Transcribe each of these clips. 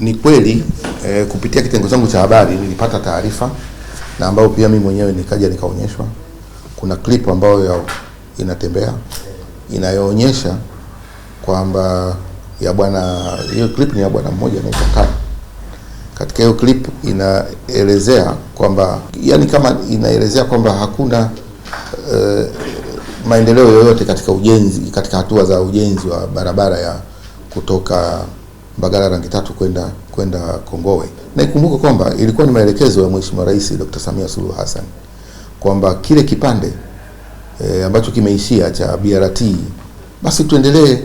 Ni kweli eh, kupitia kitengo changu cha habari nilipata taarifa na ambayo pia mimi mwenyewe nikaja nikaonyeshwa. Kuna clip ambayo inatembea inayoonyesha kwamba ya bwana, hiyo clip ni ya bwana mmoja anaitwa Kani. Katika hiyo clip inaelezea kwamba yani, kama inaelezea kwamba hakuna eh, maendeleo yoyote katika ujenzi, katika hatua za ujenzi wa barabara ya kutoka Mbagala rangi tatu kwenda kwenda Kongowe, na ikumbuke kwamba ilikuwa ni maelekezo ya Mheshimiwa Rais Dr. Samia Suluhu Hassan kwamba kile kipande e, ambacho kimeishia cha BRT basi tuendelee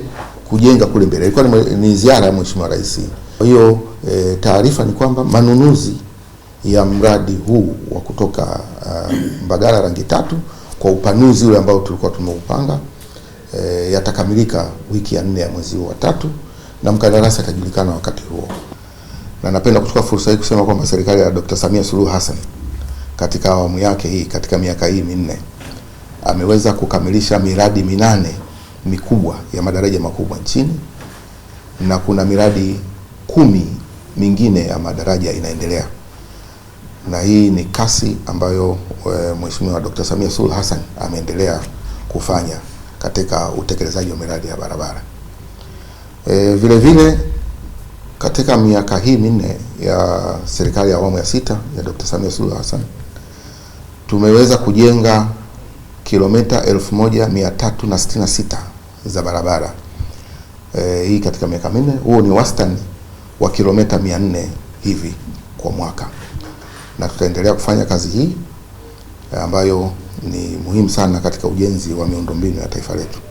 kujenga kule mbele. Ilikuwa ni ziara ya Mheshimiwa Rais. Kwa hiyo e, taarifa ni kwamba manunuzi ya mradi huu wa kutoka uh, Mbagala rangi tatu kwa upanuzi ule ambao tulikuwa tumeupanga e, yatakamilika wiki ya nne ya mwezi huu wa tatu na mkandarasi atajulikana wakati huo. Na napenda kuchukua fursa hii kusema kwamba serikali ya Dr. Samia Suluhu Hassan katika awamu yake hii, katika miaka hii minne ameweza kukamilisha miradi minane mikubwa ya madaraja makubwa nchini na kuna miradi kumi mingine ya madaraja inaendelea, na hii ni kasi ambayo eh, Mheshimiwa Dr. Samia Suluhu Hassan ameendelea kufanya katika utekelezaji wa miradi ya barabara. E, vile vile katika miaka hii minne ya serikali ya awamu ya sita ya Dr. Samia Suluhu Hassan tumeweza kujenga kilomita 1366 za barabara e, hii katika miaka minne. Huo ni wastani wa kilomita 400 hivi kwa mwaka, na tutaendelea kufanya kazi hii ambayo ni muhimu sana katika ujenzi wa miundombinu ya taifa letu.